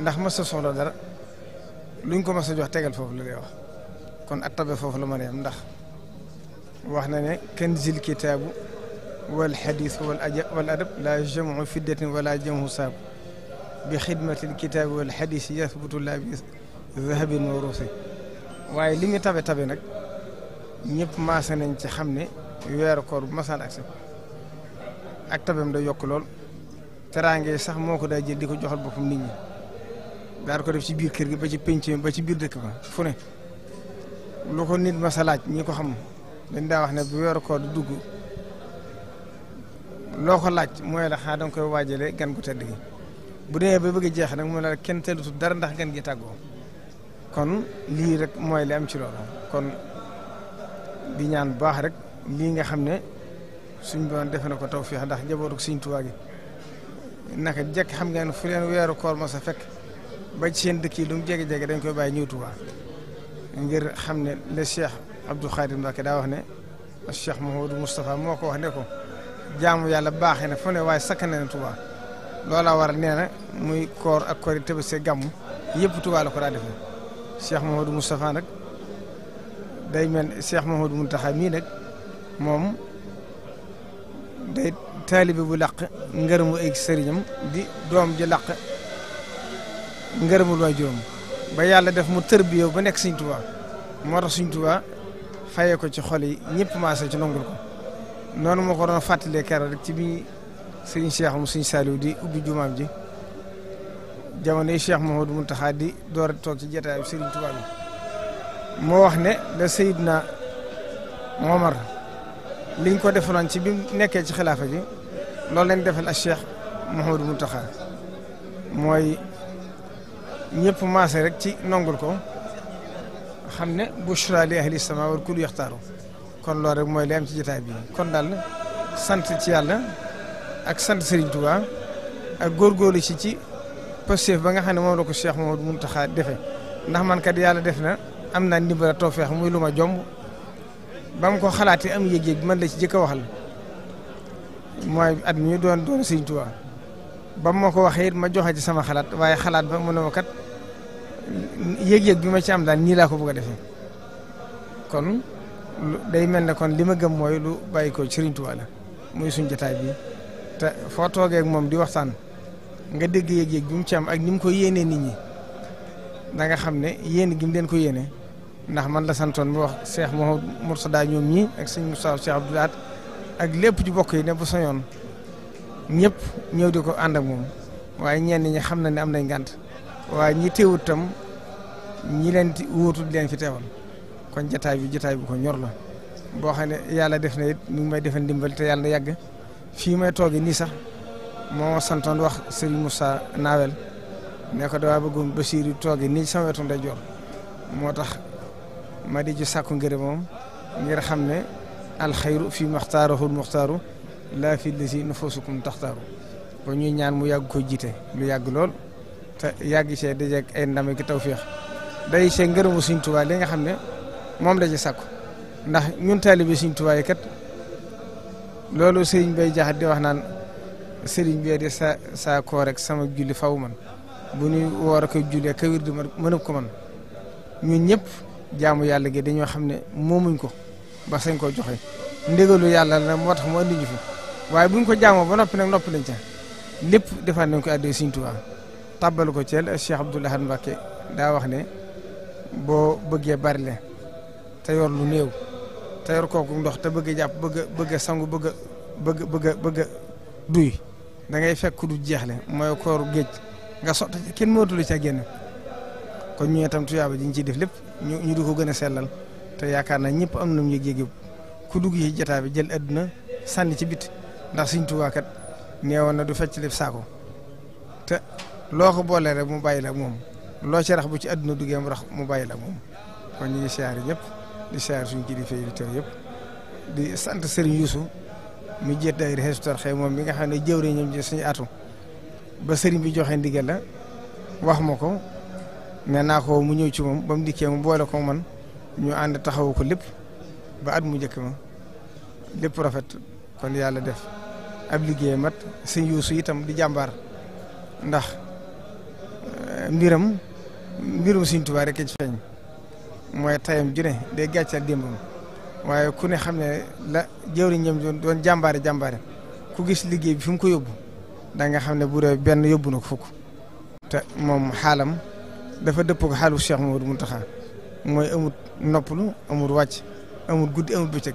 ndax mës a soxla dara luñ ko mës a jox tegal foofu la lay wax kon ak tabe foofu la mën a ndax wax na ne kanzil kitaabu wal xadiis wal aja wal adab laa jamu fiddatin wala jamu saabu bi xidmatil kitaabi wal xadiis yasbutu laa bi zahabin wa ruusi waaye li ñu tabe tabe nag ñépp maase nañ ci xam ne weeru koor masaan ak ak tabem da yokk lool teraange sax moo ko daa jël di ko joxal boppam nit ñi daal ko def ci biir kër gi ba ci penc ba ci biir dëkk ba fu ne lu nit masa laaj ñi ko xam dañ daa wax ne bu weeru koor dugg loo ko laaj mooy la xaa danga koy waajale gan gu tedd gi bu demee ba bëgg jeex nag moo ne la kenn tëddatu dara ndax gan gi tàggoo kon lii rek mooy li am ci loolu kon di ñaan bu baax rek lii nga xam ne suñ doon defe na ko taw tawfeex ndax jabootu Sëriñ Tuubaa gi naka jekk xam ngeen fu leen weeru koor ma sa fekk ba ci seen dëkk yi lu mu jege jege dañ koy bàyyi ñëw Touba ngir xam ne le Cheikh Abdou Khadim Mbacké daa wax ne Cheikh Mouhamadou Moustapha moo ko wax ne ko jaamu yàlla baaxee na fu ne waaye sakk na ne Touba loolaa waral nee na muy koor ak koori Tabaski gàmmu yëpp Touba la ko daa defee Cheikh Mouhamadou Moustapha nag day mel ne Cheikh Mouhamadou mii nag moom day taalibe bu làq mu ay sëriñam di doom ji làq ngërëmul waa juróom ba yàlla def mu tërbiyoo ba nekk Sëñ Tuubaa moo tax ko ci xol yi ñëpp ci nangul noonu moo ko doon fàttalee keroog ci bi sëñ Cheikh mu sëñ Saliou di ubbi jumaam ji jamono yi Cheikh Mouhamadou Mountakha di door a ci jotaayu Sëriñ Tuubaa bi wax ne la na Omar liñ ko defaloon ci bi nekkee ci xilaafa ji loolu lañ defal ak Cheikh Mouhamadou Mountakha mooy ñëpp maase rek ci nongul ko xam ne bu li ahli sama war kul yaxtaaru kon loolu rek mooy li am ci jotaay bi kon daal sant ci yàlla ak sant Serigne Touba ak góorgóorlu ci ci Pastef ba nga xam ne moom la ko Cheikh Mamadou Mountakha defe ndax man yàlla def na am naa ndimbal tawfeex muy lu ma jomb ba mu ko xalaatee am yëg man la ci jëkk a waxal mooy at mi doon doon Serigne ko waxee it ma joxe ci sama xalaat waaye xalaat ba mu ne ma kat. yéeg-yéeg bi ma ci am daal nii laa ko bëgg a defee kon day mel ne kon li ma gëm mooy lu bàyyi ko ci Touba la muy suñ jotaay bi te foo toogee moom di waxtaan nga dégg yéeg-yéeg bi mu ci am ak ni ko yéenee nit ñi da nga xam ne yéen gi mu leen ko yéene ndax man la santoon mu wax Cheikh Mouhamed Mourtada ñoom ñii ak sëñ Moustapha Cheikh bu laat ak lépp ci bokk yi ne bu soñoon ñëpp ñëw di ko ànd ak moom waaye ñeen ñenn ñi xam na ne am nañ ngànt waaye ñi teewut tam ñi leen di wóotu di leen fi teewal kon jataay bi jataay bi ko ñor la boo xam ne yàlla def na it mu may defal ndimbal te yàlla na yàgg fii may toogee nii sax moo santoon wax Serigne Moussa Nawel ne ko dawaa bëggoon Bachir toogee nii sama wetu nday joor moo tax ma di ci sàkku ngërëm moom ngir xam ne alxayru fi maxtaarahul muxtaaru laa fi lisi nufusukum taxtaaru ba ñuy ñaan mu yàgg ko jiite lu yàgg lool te yàgg see dajeeg ay ndam ki tawféex day see ngërëmu Sëriñ Tuubaa li nga xam ne moom la ci sàkku ndax ñun taalibe Sëriñ Tuubaa yi kat loolu sëriñ bay jaxat di wax naan sëriñ bi di sa saa koo rek sama julli faw man bu ñuy woor a ko julli ak wir di mënëb ko man ñun ñëpp jaamu yàlla gi dañoo xam ne moomuñ ko ba sañ koo joxe ndégalu yàlla la moo tax mu andi ñu fi waaye buñ ko jaamoo ba noppi nag noppi lañ ca lépp defaat nañ ko addee Sëriñ Tuubaa tàbbal ko ceel Cheikh Abdoul Ahad Mbacké daa wax ne boo bëggee bari le te yor lu néew te yor kooku ndox te bëgg jàpp bëgg bëgg a sangu bëgg a bëgg bëgg bëgg duy da fekk du jeexle mooy kooru géej nga sotti kenn mënatul ca génn kon ñu itam tuyaaba ji ñu ciy def lépp ñu du ko gën a sellal te yaakaar na ñëpp am nañu yëg-yëg kudu gi ci jataa bi jël àdduna sànni ci bit ndax Sëñ Tuubaa kat neewoon na du fecc lépp saako. loo ko boolee rek mu bàyyi la moom loo ci rax bu ci àdduna duggee mu rax mu bàyyi la moom kon ñu ngi siyaare ñëpp di siyaare suñu kilifa yi teew yëpp di sant Serigne Youssou mi jiite daayira Hizbut Tarqiyyah moom mi nga xam ne jëwriñ ñoom ci suñu atu ba Serigne bi joxe ndigal wax ma ko ne naa ko mu ñëw ci moom ba mu dikkee mu boole ko man ñu ànd taxawu ko lépp ba at mu njëkk ma lépp rafet kon yàlla def ab liggéey mat Serigne Youssou itam di jàmbaar ndax. mbiram mbirum Sëriñ Tuubaa rek ci mooy tayam ju de day gàccal démbam waaye ku ne xam ne la jëwriñ ñoom doon doon jàmbaare jàmbaare ku gis liggéey bi fi ko yóbbu da nga xam ne bu benn yóbbu na ko fukk te moom xaalam dafa dëppoo ko xaalu Cheikh Mamadou Mountakha mooy amut noppalu amut wàcc amut guddi amut bëccëg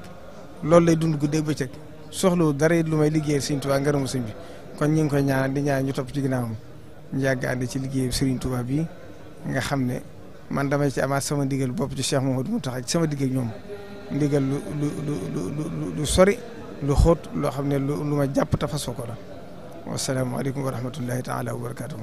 loolu lay dund guddi ak bëccëg soxlawul dara it lu may liggéeyal Sëriñ Tuubaa ngërëmu sëñ bi kon ñu ngi koy ñaanal di ñaan ñu topp ci ginnaawam yàgg ànd ci liggéeyu Serigne Touba bi nga xam ne man damay ci amaat sama ndigal bopp ci Cheikh Mouhamadou Mountakha ci sama diggal ñoom ndigal lu lu sori lu xóot loo xam ne lu ma jàpp te fasoo ko la wasalaamaaleykum wa rahmatullahi taala wa barakaatuhu.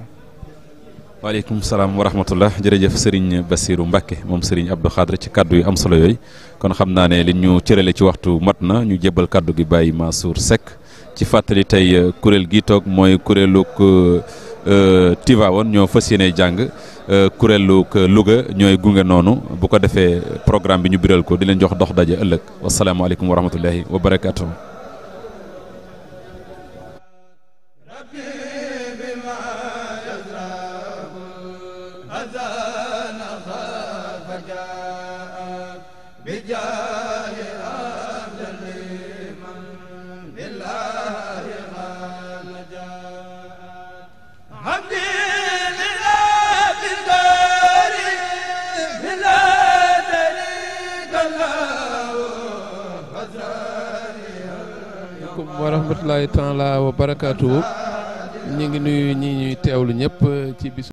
waaleykum salaam wa rahmatullah jërëjëf Serigne Bassirou Mbacke moom Serigne Abdou Khadre ci kàddu yi am solo yooyu kon xam naa ne li ñu cërale ci waxtu mat na ñu jébbal kàddu gi bàyyi Mansour Seck ci fàttali tey kuréel gi toog mooy kuréeluk. Euh, Tivaouane ñoo fas yéene jàng euh, kuréelu Louga ñooy gunge noonu bu ko defee programme bi ñu biral ko di leen jox dox daje ëllëg wasalaamaaleykum wa rahmatullahi wa barakaatu. bi wa rahmatulahi taala wa barakaatu. ñu ngi nuyu ñi ñuy teewlu ñëpp ci bis.